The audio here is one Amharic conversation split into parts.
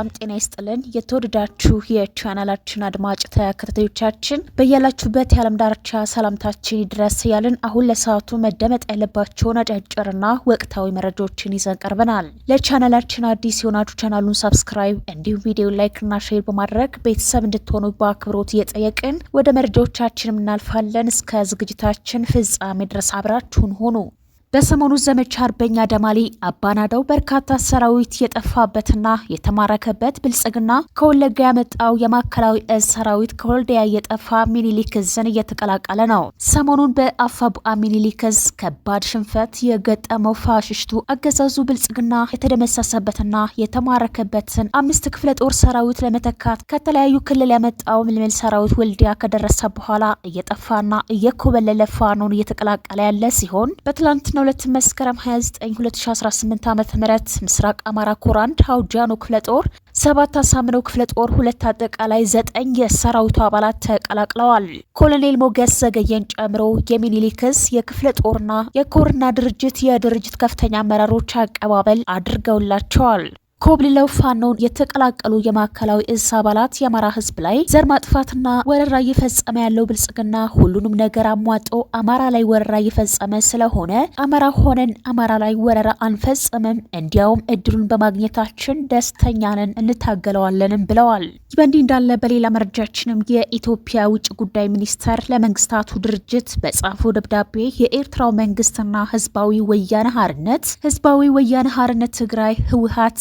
ሰላም ጤና ይስጥልን። የተወደዳችሁ የቻናላችን አድማጭ ተከታታዮቻችን በያላችሁበት የዓለም ዳርቻ ሰላምታችን ይድረስ ያልን። አሁን ለሰዓቱ መደመጥ ያለባቸውን አጫጭርና ወቅታዊ መረጃዎችን ይዘን ቀርበናል። ለቻናላችን አዲስ የሆናችሁ ቻናሉን ሰብስክራይብ፣ እንዲሁም ቪዲዮ ላይክና ሼር በማድረግ ቤተሰብ እንድትሆኑ በአክብሮት እየጠየቅን ወደ መረጃዎቻችን እናልፋለን። እስከ ዝግጅታችን ፍጻሜ ድረስ አብራችሁን ሆኑ። በሰሞኑ ዘመቻ አርበኛ ደማሊ አባናዳው በርካታ ሰራዊት የጠፋበትና የተማረከበት ብልጽግና ከወለጋ ያመጣው የማዕከላዊ እዝ ሰራዊት ከወልዲያ የጠፋ ሚኒሊክ እዝን እየተቀላቀለ ነው። ሰሞኑን በአፋቡአ ሚኒሊክ እዝ ከባድ ሽንፈት የገጠመው ፋሽሽቱ አገዛዙ ብልጽግና የተደመሰሰበትና የተማረከበትን አምስት ክፍለ ጦር ሰራዊት ለመተካት ከተለያዩ ክልል ያመጣው ምልምል ሰራዊት ወልዲያ ከደረሰ በኋላ እየጠፋና እየኮበለለ ፋኖን እየተቀላቀለ ያለ ሲሆን በትላንትና ሁለት መስከረም 29 2018 ዓ ም ምስራቅ አማራ ኮር አንድ አውጃኖ ክፍለ ጦር ሰባት አሳምነው ክፍለ ጦር ሁለት አጠቃላይ ዘጠኝ የሰራዊቱ አባላት ተቀላቅለዋል። ኮሎኔል ሞገስ ዘገየን ጨምሮ የሚኒሊክስ የክፍለ ጦርና የኮርና ድርጅት የድርጅት ከፍተኛ አመራሮች አቀባበል አድርገውላቸዋል። ኮብልለው ፋኖን የተቀላቀሉ የማዕከላዊ እዝ አባላት የአማራ ህዝብ ላይ ዘር ማጥፋትና ወረራ እየፈጸመ ያለው ብልጽግና ሁሉንም ነገር አሟጦ አማራ ላይ ወረራ እየፈጸመ ስለሆነ አማራ ሆነን አማራ ላይ ወረራ አንፈጽምም፣ እንዲያውም እድሉን በማግኘታችን ደስተኛ ነን፣ እንታገለዋለንም ብለዋል። በእንዲህ እንዳለ በሌላ መረጃችንም የኢትዮጵያ ውጭ ጉዳይ ሚኒስተር ለመንግስታቱ ድርጅት በጻፈው ደብዳቤ የኤርትራው መንግስትና ህዝባዊ ወያነ ሀርነት ህዝባዊ ወያነ ሀርነት ትግራይ ህወሀት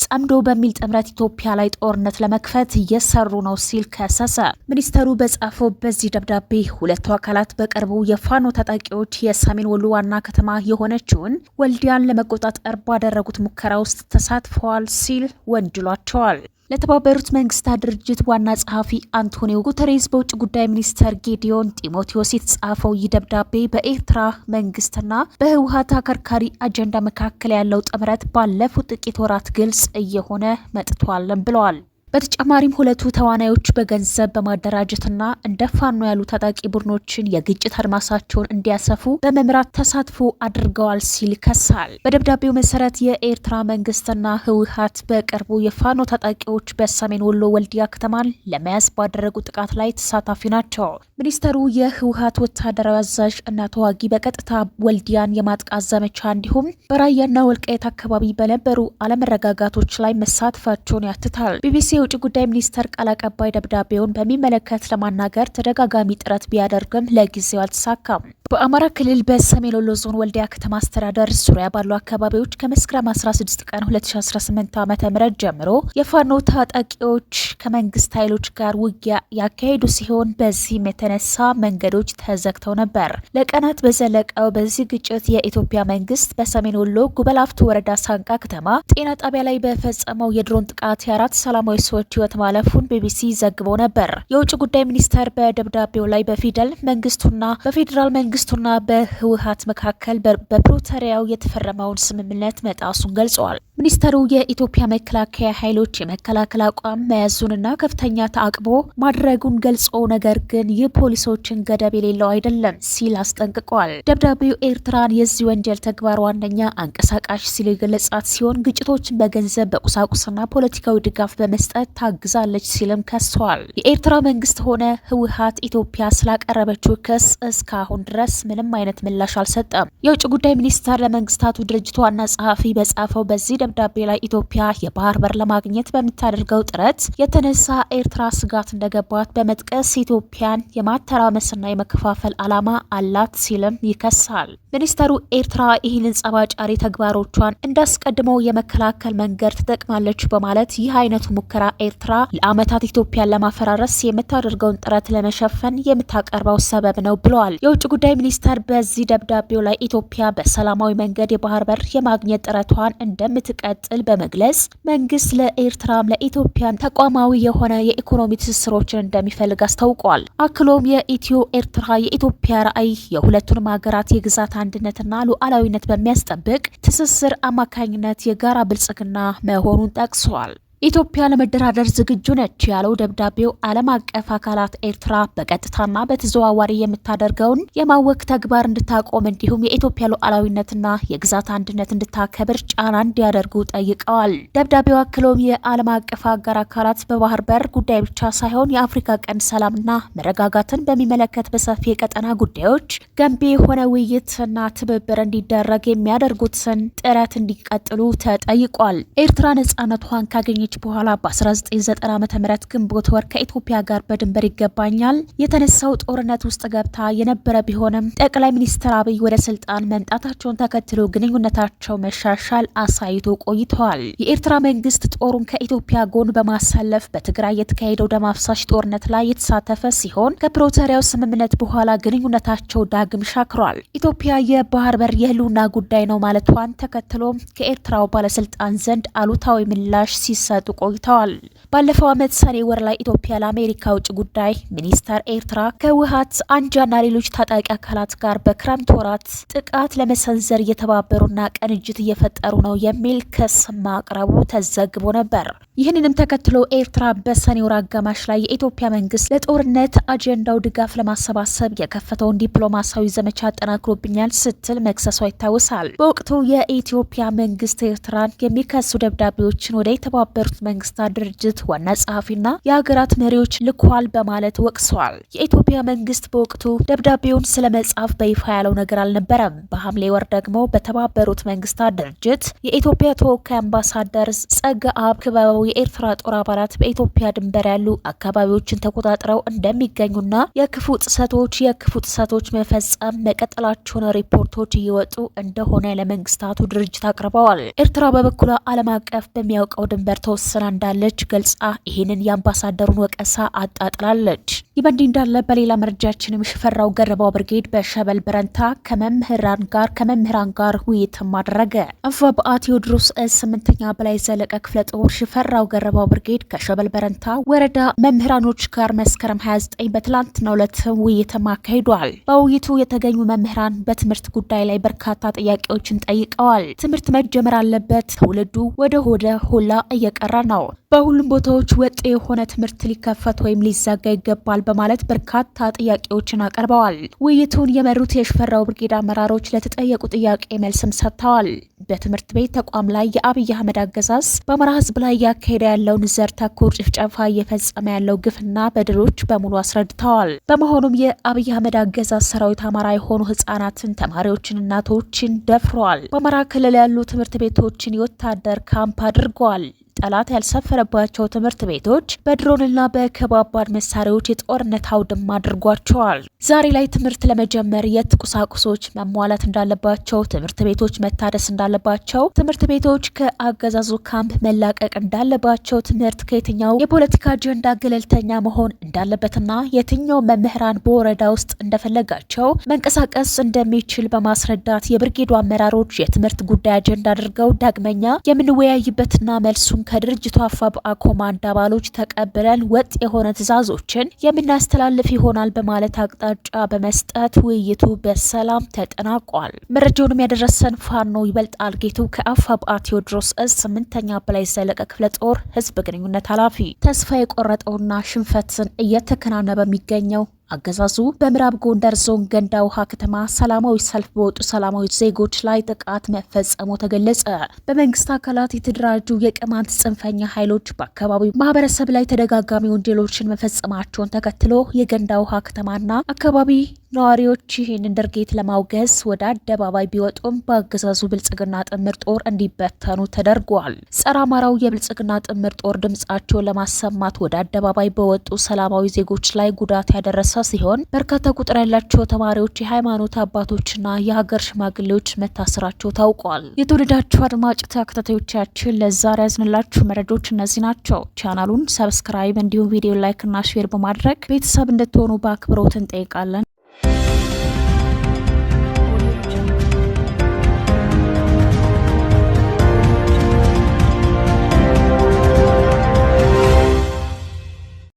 ጸምዶ በሚል ጥምረት ኢትዮጵያ ላይ ጦርነት ለመክፈት እየሰሩ ነው ሲል ከሰሰ። ሚኒስተሩ በጻፈው በዚህ ደብዳቤ ሁለቱ አካላት በቅርቡ የፋኖ ታጣቂዎች የሰሜን ወሎ ዋና ከተማ የሆነችውን ወልዲያን ለመቆጣጠር ባደረጉት ሙከራ ውስጥ ተሳትፈዋል ሲል ወንጅሏቸዋል። ለተባበሩት መንግስታት ድርጅት ዋና ጸሐፊ አንቶኒዮ ጉተሬዝ በውጭ ጉዳይ ሚኒስተር ጌዲዮን ጢሞቴዎስ የተጻፈው ይህ ደብዳቤ በኤርትራ መንግስትና በህወሀት አከርካሪ አጀንዳ መካከል ያለው ጥምረት ባለፉት ጥቂት ወራት ግልጽ እየሆነ መጥቷል ብለዋል። በተጨማሪም ሁለቱ ተዋናዮች በገንዘብ በማደራጀትና እንደ ፋኖ ያሉ ታጣቂ ቡድኖችን የግጭት አድማሳቸውን እንዲያሰፉ በመምራት ተሳትፎ አድርገዋል ሲል ከሳል። በደብዳቤው መሰረት የኤርትራ መንግስትና ህወሓት በቅርቡ የፋኖ ታጣቂዎች በሰሜን ወሎ ወልዲያ ከተማን ለመያዝ ባደረጉ ጥቃት ላይ ተሳታፊ ናቸው። ሚኒስተሩ የህወሓት ወታደራዊ አዛዥ እና ተዋጊ በቀጥታ ወልዲያን የማጥቃት ዘመቻ እንዲሁም በራያና ወልቃየት አካባቢ በነበሩ አለመረጋጋቶች ላይ መሳተፋቸውን ያትታል ቢቢሲ የውጭ ጉዳይ ሚኒስቴር ቃል አቀባይ ደብዳቤውን በሚመለከት ለማናገር ተደጋጋሚ ጥረት ቢያደርግም ለጊዜው አልተሳካም። በአማራ ክልል በሰሜን ወሎ ዞን ወልዲያ ከተማ አስተዳደር ዙሪያ ባሉ አካባቢዎች ከመስከረም 16 ቀን 2018 ዓ ም ጀምሮ የፋኖ ታጣቂዎች ከመንግስት ኃይሎች ጋር ውጊያ ያካሄዱ ሲሆን በዚህም የተነሳ መንገዶች ተዘግተው ነበር። ለቀናት በዘለቀው በዚህ ግጭት የኢትዮጵያ መንግስት በሰሜን ወሎ ጉበላፍቱ ወረዳ ሳንቃ ከተማ ጤና ጣቢያ ላይ በፈጸመው የድሮን ጥቃት የአራት ሰላማዊ ሰዎች ህይወት ማለፉን ቢቢሲ ዘግቦ ነበር። የውጭ ጉዳይ ሚኒስቴር በደብዳቤው ላይ በፊደል መንግስቱና በፌዴራል መንግስት መንግስቱና በህወሀት መካከል በፕሪቶሪያው የተፈረመውን ስምምነት መጣሱን ገልጸዋል። ሚኒስተሩ የኢትዮጵያ መከላከያ ኃይሎች የመከላከል አቋም መያዙንና ከፍተኛ ተአቅቦ ማድረጉን ገልጾ ነገር ግን ይህ ፖሊሶችን ገደብ የሌለው አይደለም ሲል አስጠንቅቋል። ደብዳቤው ኤርትራን የዚህ ወንጀል ተግባር ዋነኛ አንቀሳቃሽ ሲል የገለጻት ሲሆን ግጭቶችን በገንዘብ በቁሳቁስና ፖለቲካዊ ድጋፍ በመስጠት ታግዛለች ሲልም ከሷል። የኤርትራ መንግስት ሆነ ህወሀት ኢትዮጵያ ስላቀረበችው ክስ እስካሁን ድረስ ምንም አይነት ምላሽ አልሰጠም። የውጭ ጉዳይ ሚኒስቴር ለመንግስታቱ ድርጅት ዋና ጸሐፊ በጻፈው በዚህ ደብዳቤ ላይ ኢትዮጵያ የባህር በር ለማግኘት በምታደርገው ጥረት የተነሳ ኤርትራ ስጋት እንደገባት በመጥቀስ ኢትዮጵያን የማተራመስና የመከፋፈል ዓላማ አላት ሲልም ይከሳል። ሚኒስተሩ ኤርትራ ይህንን ጸባጫሪ ተግባሮቿን እንዳስቀድመው የመከላከል መንገድ ትጠቅማለች በማለት ይህ አይነቱ ሙከራ ኤርትራ ለዓመታት ኢትዮጵያን ለማፈራረስ የምታደርገውን ጥረት ለመሸፈን የምታቀርበው ሰበብ ነው ብለዋል። የውጭ ጉዳይ ሚኒስተር በዚህ ደብዳቤው ላይ ኢትዮጵያ በሰላማዊ መንገድ የባህር በር የማግኘት ጥረቷን እንደምት እንደምትቀጥል በመግለጽ መንግስት ለኤርትራም ለኢትዮጵያም ተቋማዊ የሆነ የኢኮኖሚ ትስስሮችን እንደሚፈልግ አስታውቋል። አክሎም የኢትዮ ኤርትራ የኢትዮጵያ ራዕይ የሁለቱንም ሀገራት የግዛት አንድነትና ሉዓላዊነት በሚያስጠብቅ ትስስር አማካኝነት የጋራ ብልጽግና መሆኑን ጠቅሷል። ኢትዮጵያ ለመደራደር ዝግጁ ነች ያለው ደብዳቤው ዓለም አቀፍ አካላት ኤርትራ በቀጥታና በተዘዋዋሪ የምታደርገውን የማወክ ተግባር እንድታቆም እንዲሁም የኢትዮጵያ ሉዓላዊነትና የግዛት አንድነት እንድታከብር ጫና እንዲያደርጉ ጠይቀዋል። ደብዳቤው አክሎም የዓለም አቀፍ አጋር አካላት በባህር በር ጉዳይ ብቻ ሳይሆን የአፍሪካ ቀንድ ሰላምና መረጋጋትን በሚመለከት በሰፊ የቀጠና ጉዳዮች ገንቢ የሆነ ውይይትና ትብብር እንዲደረግ የሚያደርጉትን ጥረት እንዲቀጥሉ ተጠይቋል። ኤርትራ ነጻነቷን ካገኘ ከተገኘች በኋላ በ1990 ዓ ም ግንቦት ወር ከኢትዮጵያ ጋር በድንበር ይገባኛል የተነሳው ጦርነት ውስጥ ገብታ የነበረ ቢሆንም ጠቅላይ ሚኒስትር አብይ ወደ ስልጣን መምጣታቸውን ተከትሎ ግንኙነታቸው መሻሻል አሳይቶ ቆይተዋል። የኤርትራ መንግስት ጦሩን ከኢትዮጵያ ጎን በማሳለፍ በትግራይ የተካሄደው ደም አፍሳሽ ጦርነት ላይ የተሳተፈ ሲሆን ከፕሮተሪያው ስምምነት በኋላ ግንኙነታቸው ዳግም ሻክሯል። ኢትዮጵያ የባህር በር የህልውና ጉዳይ ነው ማለቷን ተከትሎ ከኤርትራው ባለስልጣን ዘንድ አሉታዊ ምላሽ ሲሰጥ ሲመቱ ቆይተዋል። ባለፈው ዓመት ሰኔ ወር ላይ ኢትዮጵያ ለአሜሪካ ውጭ ጉዳይ ሚኒስተር ኤርትራ ከውሃት አንጃና ሌሎች ታጣቂ አካላት ጋር በክረምት ወራት ጥቃት ለመሰንዘር እየተባበሩና ቅንጅት እየፈጠሩ ነው የሚል ክስ ማቅረቡ ተዘግቦ ነበር። ይህንንም ተከትሎ ኤርትራ በሰኔ ወር አጋማሽ ላይ የኢትዮጵያ መንግስት ለጦርነት አጀንዳው ድጋፍ ለማሰባሰብ የከፈተውን ዲፕሎማሲያዊ ዘመቻ አጠናክሮብኛል ስትል መክሰሷ ይታወሳል። በወቅቱ የኢትዮጵያ መንግስት ኤርትራን የሚከሱ ደብዳቤዎችን ወደ የተባበሩ የተባበሩት መንግስታት ድርጅት ዋና ጸሐፊና የሀገራት መሪዎች ልኳል በማለት ወቅሰዋል። የኢትዮጵያ መንግስት በወቅቱ ደብዳቤውን ስለ መጻፍ በይፋ ያለው ነገር አልነበረም። በሐምሌ ወር ደግሞ በተባበሩት መንግስታት ድርጅት የኢትዮጵያ ተወካይ አምባሳደር ጸገ አብ ክበበው የኤርትራ ጦር አባላት በኢትዮጵያ ድንበር ያሉ አካባቢዎችን ተቆጣጥረው እንደሚገኙና የክፉ ጥሰቶች የክፉ ጥሰቶች መፈጸም መቀጠላቸውን ሪፖርቶች እየወጡ እንደሆነ ለመንግስታቱ ድርጅት አቅርበዋል። ኤርትራ በበኩሏ ዓለም አቀፍ በሚያውቀው ድንበር ተወስና እንዳለች ገልጻ ይህንን የአምባሳደሩን ወቀሳ አጣጥላለች። ይህ በእንዲህ እንዳለ በሌላ መረጃችንም ሽፈራው ገረባው ብርጌድ በሸበል በረንታ ከመምህራን ጋር ከመምህራን ጋር ውይይትም አደረገ። አፋብአ ቴዎድሮስ ስምንተኛ በላይ ዘለቀ ክፍለ ጦር ሽፈራው ገረባው ብርጌድ ከሸበል በረንታ ወረዳ መምህራኖች ጋር መስከረም 29 በትላንትናው ዕለት ውይይትም አካሂዷል። በውይይቱ የተገኙ መምህራን በትምህርት ጉዳይ ላይ በርካታ ጥያቄዎችን ጠይቀዋል። ትምህርት መጀመር አለበት፣ ትውልዱ ወደ ሆደ ሆላ እየቀረ ነው። በሁሉም ቦታዎች ወጥ የሆነ ትምህርት ሊከፈት ወይም ሊዘጋ ይገባል በማለት በርካታ ጥያቄዎችን አቅርበዋል። ውይይቱን የመሩት የሽፈራው ብርጌድ አመራሮች ለተጠየቁ ጥያቄ መልስም ሰጥተዋል። በትምህርት ቤት ተቋም ላይ የአብይ አህመድ አገዛዝ በአማራ ሕዝብ ላይ እያካሄደ ያለውን ዘር ተኮር ጭፍጨፋ እየፈጸመ ያለው ግፍና በደሎች በሙሉ አስረድተዋል። በመሆኑም የአብይ አህመድ አገዛዝ ሰራዊት አማራ የሆኑ ህጻናትን፣ ተማሪዎችን፣ እናቶችን ደፍረዋል። በአማራ ክልል ያሉ ትምህርት ቤቶችን የወታደር ካምፕ አድርገዋል። ጠላት ያልሰፈረባቸው ትምህርት ቤቶች በድሮንና በከባባድ መሳሪያዎች የጦርነት አውድማ አድርጓቸዋል። ዛሬ ላይ ትምህርት ለመጀመር የት ቁሳቁሶች መሟላት እንዳለባቸው፣ ትምህርት ቤቶች መታደስ እንዳለባቸው፣ ትምህርት ቤቶች ከአገዛዙ ካምፕ መላቀቅ እንዳለባቸው፣ ትምህርት ከየትኛው የፖለቲካ አጀንዳ ገለልተኛ መሆን እንዳለበትና የትኛው መምህራን በወረዳ ውስጥ እንደፈለጋቸው መንቀሳቀስ እንደሚችል በማስረዳት የብርጌዱ አመራሮች የትምህርት ጉዳይ አጀንዳ አድርገው ዳግመኛ የምንወያይበትና መልሱን ከድርጅቱ አፋብአ ኮማንድ አባሎች ተቀብለን ወጥ የሆነ ትዕዛዞችን የምናስተላልፍ ይሆናል በማለት አቅጣጫ በመስጠት ውይይቱ በሰላም ተጠናቋል። መረጃውንም ያደረሰን ፋኖ ይበልጣል ጌቱ ከአፋብአ ቴዎድሮስ እዝ ስምንተኛ በላይ ዘለቀ ክፍለ ጦር ህዝብ ግንኙነት ኃላፊ ተስፋ የቆረጠውና ሽንፈትን እየተከናነበ የሚገኘው አገዛዙ በምዕራብ ጎንደር ዞን ገንዳ ውሃ ከተማ ሰላማዊ ሰልፍ በወጡ ሰላማዊ ዜጎች ላይ ጥቃት መፈጸሙ ተገለጸ። በመንግስት አካላት የተደራጁ የቅማንት ጽንፈኛ ኃይሎች በአካባቢው ማህበረሰብ ላይ ተደጋጋሚ ወንጀሎችን መፈጸማቸውን ተከትሎ የገንዳ ውሃ ከተማና አካባቢ ነዋሪዎች ይህንን ድርጊት ለማውገዝ ወደ አደባባይ ቢወጡም በአገዛዙ ብልጽግና ጥምር ጦር እንዲበተኑ ተደርጓል። ጸረ አማራው የብልጽግና ጥምር ጦር ድምጻቸውን ለማሰማት ወደ አደባባይ በወጡ ሰላማዊ ዜጎች ላይ ጉዳት ያደረሰ ሲሆን በርካታ ቁጥር ያላቸው ተማሪዎች፣ የሃይማኖት አባቶችና የሀገር ሽማግሌዎች መታሰራቸው ታውቋል። የተወደዳችሁ አድማጭ ተከታታዮቻችን ለዛሬ ያዝንላችሁ መረጃዎች እነዚህ ናቸው። ቻናሉን ሰብስክራይብ እንዲሁም ቪዲዮ ላይክና ሼር በማድረግ ቤተሰብ እንድትሆኑ በአክብሮት እንጠይቃለን።